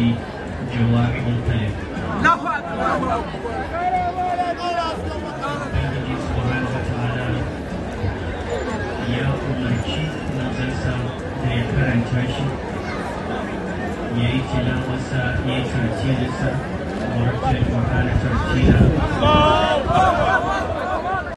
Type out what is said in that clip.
shi jawami'ul kalim Allahu ya umarci da karanta shi ya yi tilawarsa yi tartilarsa